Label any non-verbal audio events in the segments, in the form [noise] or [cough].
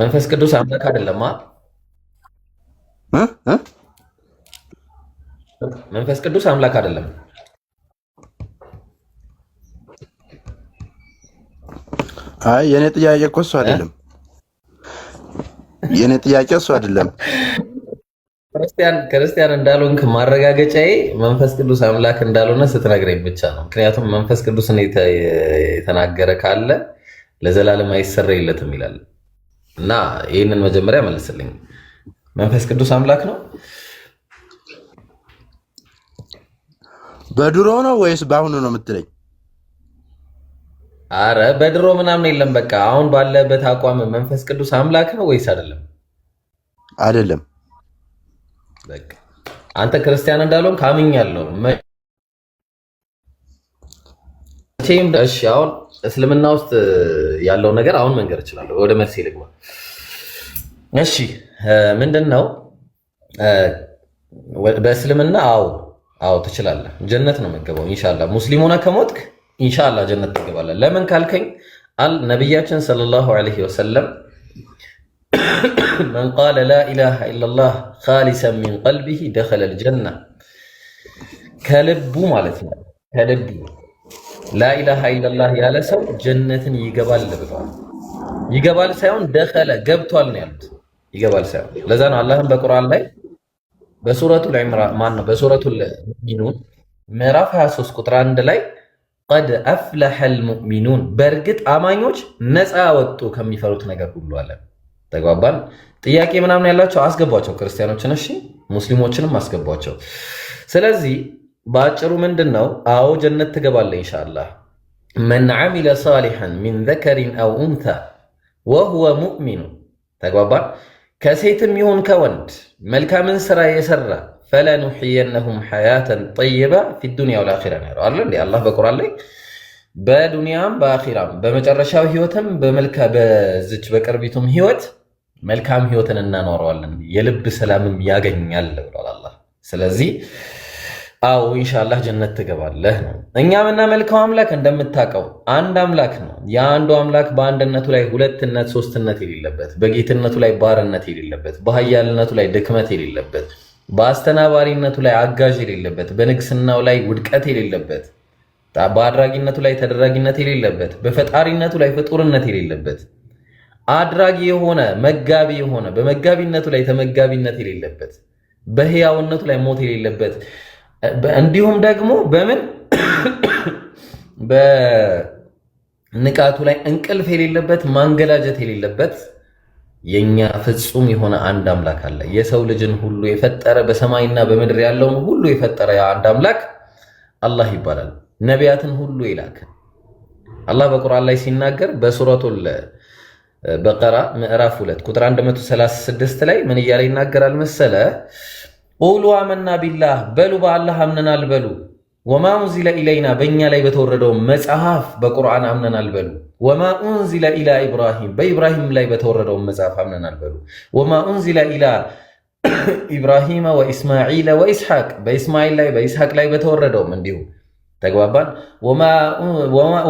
መንፈስ ቅዱስ አምላክ አይደለም። መንፈስ ቅዱስ አምላክ አይደለም። አይ የኔ ጥያቄ እኮ እሱ አይደለም። የኔ ጥያቄ እሱ አይደለም። ክርስቲያን ክርስቲያን እንዳልሆንክ ማረጋገጫዬ መንፈስ ቅዱስ አምላክ እንዳልሆነ ስትነግረኝ ብቻ ነው። ምክንያቱም መንፈስ ቅዱስን የተናገረ ካለ ለዘላለም አይሰረይለትም ይላል። እና ይህንን መጀመሪያ መልስልኝ። መንፈስ ቅዱስ አምላክ ነው? በድሮ ነው ወይስ በአሁኑ ነው የምትለኝ? አረ በድሮ ምናምን የለም። በቃ አሁን ባለበት አቋም መንፈስ ቅዱስ አምላክ ነው ወይስ አይደለም? አይደለም። በቃ አንተ ክርስቲያን እንዳልሆን ካምኛለሁ። እሺ አሁን እስልምና ውስጥ ያለውን ነገር አሁን መንገር እችላለሁ። ወደ መልስ ልግባ። እሺ ምንድን ነው በእስልምና? አዎ አዎ ትችላለህ። ጀነት ነው መገባው። ኢንሻላ ሙስሊም ሆነ ከሞትክ ኢንሻላ ጀነት ትገባለህ። ለምን ካልከኝ አል ነቢያችን ሰለላሁ ዐለይሂ ወሰለም መን ቃለ ላ ኢለላህ ካሊሰን ሚን ቀልቢሂ ደኸለል ጀና ከልቡ ማለት ነው ከልቡ ላኢላሃ ኢለላህ ያለ ሰው ጀነትን ይገባል ብለዋል። ይገባል ሳይሆን ደኸለ ገብቷል ነው ያሉት። ይገባል ሳይሆን ለዛ ነው አላህም በቁርአን ላይ በሱረቱል ኢምራን ማን ነው በሱረቱል ሙእሚኑን ምዕራፍ 23 ቁጥር 1 ላይ ቀድ አፍለሐል ሙእሚኑን በእርግጥ አማኞች ነፃ ወጡ ከሚፈሩት ነገር ሁሉ አለ። ተግባባን። ጥያቄ ምናምን ያላቸው አስገቧቸው፣ ክርስቲያኖችን እሺ፣ ሙስሊሞችንም አስገቧቸው። ስለዚህ በአጭሩ ምንድን ነው? አዎ ጀነት ትገባለህ ኢንሻአላህ። መን ዓሚለ ሳሊሐን ሚን ዘከሪን አው ኡንታ ወሁወ ሙእሚኑ ተግባባ። ከሴትም ይሁን ከወንድ መልካምን ስራ የሰራ ፈለኑሕየነሁም ሐያተን ጠይባ ፊ ዱንያ ወልአኺራ ነው አለ እንዲ አላህ በቁርአን ላይ በዱንያም በአኺራም በመጨረሻው ህይወትም በመልካ በዝች በቅርቢቱም ህይወት መልካም ህይወትን እናኖረዋለን የልብ ሰላምም ያገኛል ብሏል አላህ። ስለዚህ አዎ ኢንሻላህ ጀነት ትገባለህ ነው። እኛ የምናመልከው አምላክ እንደምታውቀው አንድ አምላክ ነው። የአንዱ አምላክ በአንድነቱ ላይ ሁለትነት፣ ሶስትነት የሌለበት፣ በጌትነቱ ላይ ባርነት የሌለበት፣ በሀያልነቱ ላይ ድክመት የሌለበት፣ በአስተናባሪነቱ ላይ አጋዥ የሌለበት፣ በንግስናው ላይ ውድቀት የሌለበት፣ በአድራጊነቱ ላይ ተደራጊነት የሌለበት፣ በፈጣሪነቱ ላይ ፍጡርነት የሌለበት፣ አድራጊ የሆነ መጋቢ የሆነ በመጋቢነቱ ላይ ተመጋቢነት የሌለበት፣ በህያውነቱ ላይ ሞት የሌለበት እንዲሁም ደግሞ በምን በንቃቱ ላይ እንቅልፍ የሌለበት ማንገላጀት የሌለበት የኛ ፍጹም የሆነ አንድ አምላክ አለ። የሰው ልጅን ሁሉ የፈጠረ በሰማይና በምድር ያለውን ሁሉ የፈጠረ አንድ አምላክ አላህ ይባላል። ነቢያትን ሁሉ ይላከ አላህ በቁርአን ላይ ሲናገር በሱረቱል በቀራ ምዕራፍ 2 ቁጥር 136 ላይ ምን እያለ ይናገራል መሰለ ቁሉ አመና ቢላህ በሉ በአላህ አምነናል በሉ። ወማ ኡንዚለ ኢለይና በእኛ ላይ በተወረደው መጽሐፍ በቁርአን አምነናል በሉ። ወማ ኡንዚለ ኢላ ኢብራሂም በኢብራሂም ላይ በተወረደው መጽሐፍ አምነናል በሉ። ወማ ኡንዚለ ኢላ ኢብራሂመ ወኢስማዒለ ወኢስሐቅ በኢስማኤል ላይ በኢስሐቅ ላይ በተወረደውም እንዲሁ ተግባባን።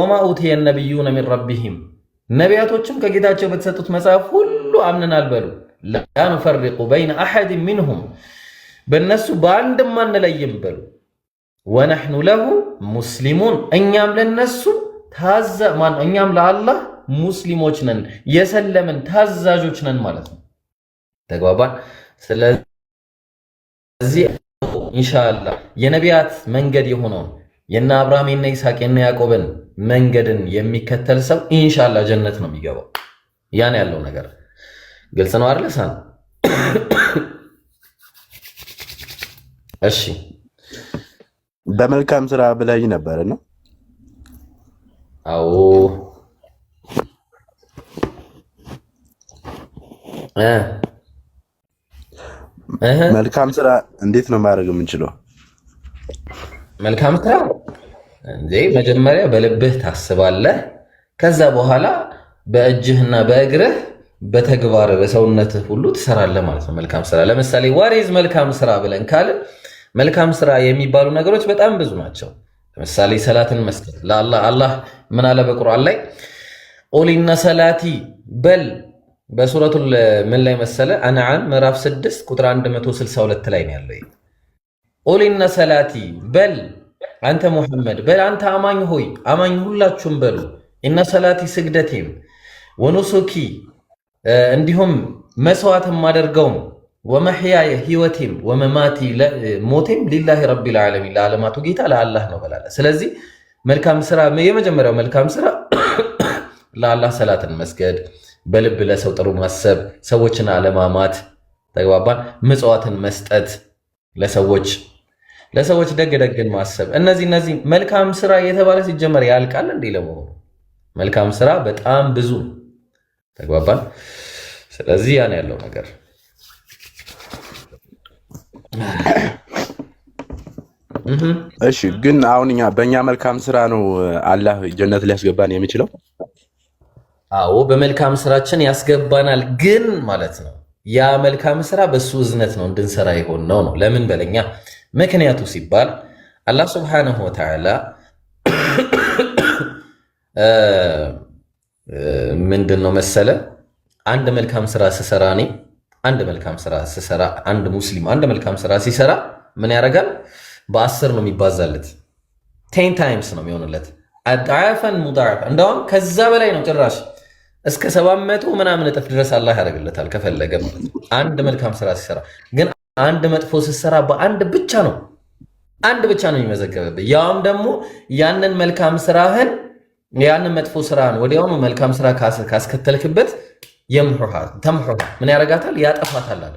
ወማ ኡትየ ነቢዩነ ሚን ረቢሂም ነቢያቶችም ከጌታቸው በተሰጡት መጽሐፍ ሁሉ አምነናል በሉ። ላ ኑፈሪቁ በይነ አሐድ ሚንሁም በእነሱ በአንድም አንለይም በሉ ወነሕኑ ለሁ ሙስሊሙን እኛም ለነሱ ታዘ እኛም ለአላህ ሙስሊሞች ነን የሰለምን ታዛዦች ነን ማለት ነው። ተግባባን። ስለዚህ ኢንሻአላህ የነቢያት መንገድ የሆነውን የነ አብርሃም የነ ይስሐቅ የነ ያዕቆብን መንገድን የሚከተል ሰው ኢንሻአላህ ጀነት ነው የሚገባው። ያን ያለው ነገር ግልጽ ነው አይደል? ሳን እሺ በመልካም ስራ ብለኝ ነበር ነው? አዎ። መልካም ስራ እንዴት ነው ማድረግ የምንችለው? መልካም ስራ እንዴ መጀመሪያ በልብህ ታስባለህ። ከዛ በኋላ በእጅህና በእግርህ በተግባር በሰውነትህ ሁሉ ትሰራለህ ማለት ነው። መልካም ስራ ለምሳሌ ዋሬዝ መልካም ስራ ብለን ካል መልካም ስራ የሚባሉ ነገሮች በጣም ብዙ ናቸው። ለምሳሌ ሰላትን መስጠት አላህ ምን አለ በቁርአን ላይ ኦሊና ሰላቲ በል በሱረቱ ምን ላይ መሰለ አንዓም ምዕራፍ 6 ቁጥር 162 ላይ ነው ያለው። ኦሊና ሰላቲ በል አንተ ሙሐመድ በል አንተ አማኝ ሆይ አማኝ ሁላችሁም በሉ ኢነ ሰላቲ ስግደቴም ወኑሱኪ እንዲሁም መስዋዕት የማደርገውም ወመሕያየ ህይወቴም ወመማቲ ሞቴም ሊላሂ ረቢል ዓለሚን ለዓለማቱ ጌታ ለአላህ ነው በላለ። ስለዚህ መልካም ስራ የመጀመሪያው መልካም ስራ [coughs] ለአላህ ሰላትን መስገድ፣ በልብ ለሰው ጥሩ ማሰብ፣ ሰዎችን አለማማት፣ ተግባባን። ምጽዋትን መስጠት ለሰዎች ለሰዎች ደግ ደግን ማሰብ እነዚህ እነዚህ መልካም ስራ የተባለ ሲጀመር ያልቃል እንዴ? ለመሆኑ መልካም ስራ በጣም ብዙ ተግባባን። ስለዚህ ያን ያለው ነገር እሺ። ግን አሁን እኛ በእኛ መልካም ስራ ነው አላህ ጀነት ሊያስገባን የሚችለው? አዎ በመልካም ስራችን ያስገባናል። ግን ማለት ነው ያ መልካም ስራ በሱ እዝነት ነው እንድንሰራ የሆን ነው ነው። ለምን በለኛ ምክንያቱ ሲባል አላህ ስብሓነሁ ወተዓላ [clears throat] ምንድን ነው መሰለ አንድ መልካም ስራ ስሰራ እኔ አንድ መልካም ስራ ስሰራ አንድ ሙስሊም አንድ መልካም ስራ ሲሰራ ምን ያደርጋል? በአስር ነው የሚባዛለት። ቴን ታይምስ ነው የሚሆንለት። አድዓፈን ሙዳዓፍ እንደውም ከዛ በላይ ነው ጭራሽ እስከ ሰባት መቶ ምናምን እጥፍ ድረስ አላህ ያደርግለታል ከፈለገ ማለት ነው። አንድ መልካም ስራ ሲሰራ ግን አንድ መጥፎ ስትሰራ በአንድ ብቻ ነው አንድ ብቻ ነው የሚመዘገብብህ ያውም ደግሞ ያንን መልካም ስራህን ያንን መጥፎ ስራን ወዲያውኑ መልካም ስራ ካስከተልክበት የምሖሃ ተምሖ ምን ያረጋታል? ያጠፋታል አለ።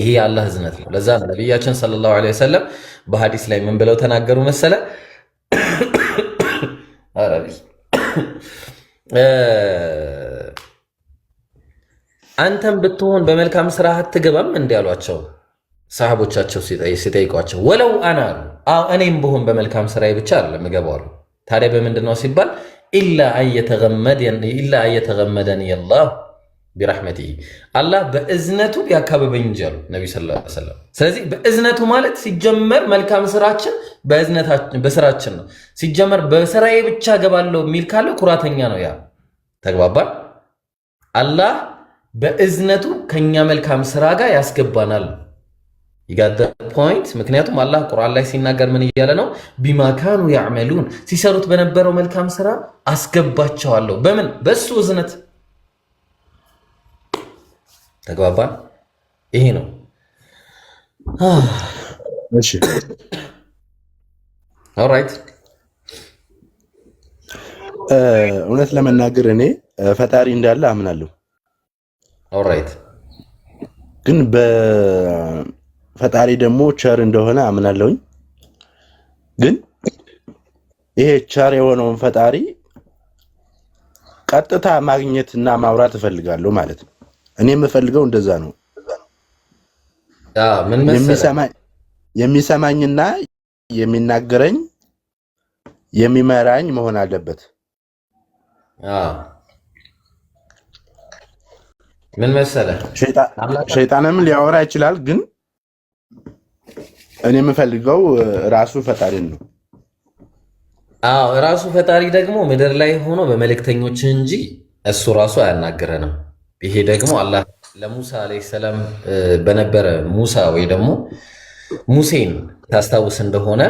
ይሄ የአላህ ህዝነት ነው። ለዛ ነው ነቢያችን ሰለላሁ ዐለይሂ ወሰለም በሀዲስ ላይ ምን ብለው ተናገሩ መሰለ [coughs] አንተም ብትሆን በመልካም ስራ አትገባም እንዲ ያሏቸው ሰሃቦቻቸው ሲጠይቋቸው፣ ወለው አና አሉ እኔም ብሆን በመልካም ስራ ብቻ አለ ምገባሉ ታዲያ በምንድን ነው ሲባል ኢላ አየተገመደን የላሁ ቢራሕመቲሂ አላህ በእዝነቱ ቢያካበበኝ እንጂ አሉ ነቢ ሰለላሁ ዐለይሂ ወሰለም። ስለዚህ በእዝነቱ ማለት ሲጀመር መልካም ስራችን በስራችን ነው። ሲጀመር በስራዬ ብቻ ገባለው የሚል ካለ ኩራተኛ ነው። ያ ተግባባል። አላህ በእዝነቱ ከኛ መልካም ስራ ጋር ያስገባናል። ይጋደ ፖይንት ምክንያቱም አላህ ቁርአን ላይ ሲናገር ምን እያለ ነው? ቢማካኑ ያዕመሉን ሲሰሩት በነበረው መልካም ስራ አስገባቸዋለሁ። በምን በሱ እዝነት ተግባባን። ይሄ ነው ኦራይት እውነት ለመናገር እኔ ፈጣሪ እንዳለ አምናለሁ። ኦልራይት ግን ፈጣሪ ደግሞ ቸር እንደሆነ አምናለሁኝ። ግን ይሄ ቸር የሆነውን ፈጣሪ ቀጥታ እና ማውራት እፈልጋለሁ ማለት ነው። እኔ የምፈልገው እንደዛ ነው። የሚሰማኝና የሚናገረኝ የሚመራኝ መሆን አለበት። ምን መሰለህ፣ ሸይጣንም ሊያወራ ይችላል ግን እኔ የምፈልገው ራሱ ፈጣሪን ነው። አዎ ራሱ ፈጣሪ ደግሞ ምድር ላይ ሆኖ በመልእክተኞች እንጂ እሱ ራሱ አያናገረንም። ይሄ ደግሞ አላህ ለሙሳ ዓለይሂ ሰላም በነበረ ሙሳ ወይ ደግሞ ሙሴን ታስታውስ እንደሆነ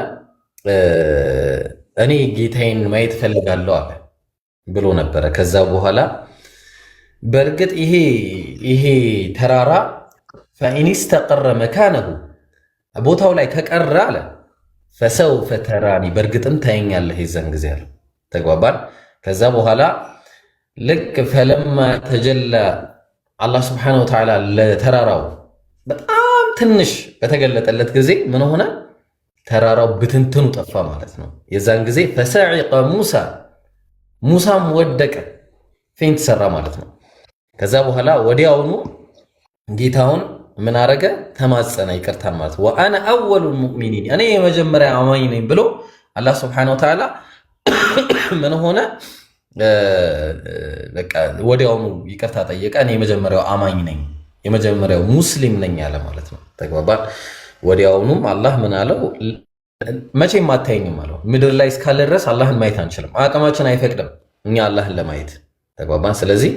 እኔ ጌታዬን ማየት እፈልጋለሁ አለ ብሎ ነበረ። ከዛ በኋላ በእርግጥ ይሄ ተራራ ፈኢኒስተቀረ መካነሁ ቦታው ላይ ከቀረ አለ ፈሰው ፈተራኒ በእርግጥም ታየኛለህ የዛን ጊዜ አለ። ተግባባል። ከዛ በኋላ ልክ ፈለማ ተጀላ አላህ ስብሐነሁ ወተዓላ ለተራራው በጣም ትንሽ በተገለጠለት ጊዜ ምን ሆነ? ተራራው ብትንትኑ ጠፋ ማለት ነው። የዛን ጊዜ ፈሰዒቀ ሙሳ ሙሳም ወደቀ፣ ፌንት ሰራ ማለት ነው። ከዛ በኋላ ወዲያውኑ ጌታውን ምን አረገ? ተማጸነ። ይቅርታ ማለት ወአነ አወሉ ሙእሚኒን እኔ የመጀመሪያ አማኝ ነኝ ብሎ አላህ ስብሐነሁ ወተዓላ [coughs] ምን ሆነ? በቃ ወዲያውኑ ይቅርታ ጠየቀ። እኔ የመጀመሪያው አማኝ ነኝ፣ የመጀመሪያው ሙስሊም ነኝ አለ ማለት ነው። ተግባባን። ወዲያውኑም አላህ ምን አለው? መቼም አታየኝም አለው። ምድር ላይ እስካለ ድረስ አላህን ማየት አንችልም፣ አቅማችን አይፈቅድም እኛ አላህን ለማየት ተግባባን። ስለዚህ